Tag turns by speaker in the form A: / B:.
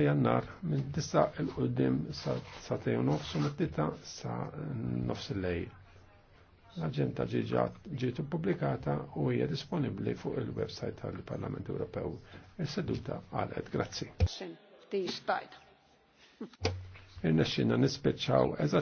A: jannar minn tisa il-qoddim sa' teju nofsu minn tita sa' nofs il lej L-agenda ġiet publikata u hija disponibbli fuq il-website tal-Parlament Ewropew. Is-seduta għalet, grazzi.
B: Irnexxina nispeċċaw eżatt